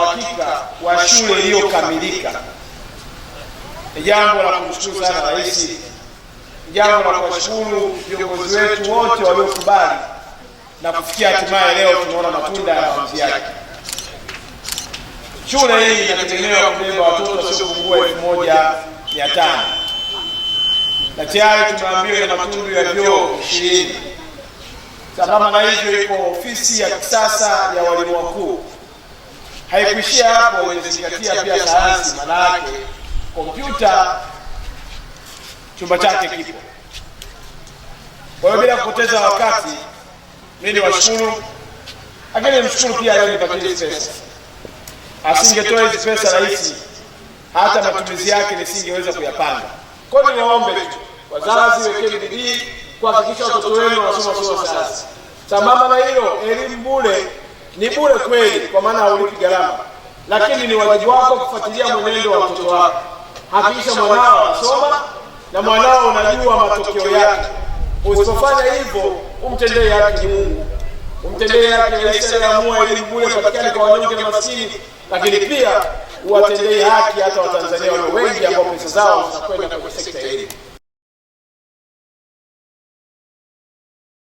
uhakika wa shule iliyokamilika. Ni jambo la kumshukuru sana Rais, ni jambo la kuwashukuru viongozi wetu wote waliokubali na kufikia hatimaye leo tunaona matunda ya maamuzi yake. Shule hii inategemewa kubeba watoto wasiopungua elfu moja mia tano na tayari tumeambiwa ina matundu ya vyoo ishirini. Sambamba na hivyo, iko ofisi ya kisasa ya walimu wakuu Haikuishia hapo, imezingatia pia sayansi, manake kompyuta chumba chake kipo. Kwa hiyo bila kupoteza wakati, mimi washukuru, lakini mshukuru pia leo nipatie hizi pesa. Asingetoa hizi pesa rahisi, hata matumizi yake nisingeweza kuyapanga. Kwa hiyo niwaombe tu wazazi, wekeni bidii kuhakikisha watoto wenu wanasoma somo la sayansi. Sambamba na hilo, elimu bure ni bure kweli, kwa maana haulipi gharama, lakini ni wajibu wako kufuatilia mwenendo wa mtoto wako. Hakikisha mwanao anasoma na mwanao unajua matokeo yake. Usipofanya hivyo, umtendee haki ni Mungu, umtendee haki Rais aliamua ili bure patikane kwa wanyonge na maskini, lakini pia uwatendee haki hata Watanzania walio wengi ambao pesa zao zinakwenda kwenye sekta ya elimu.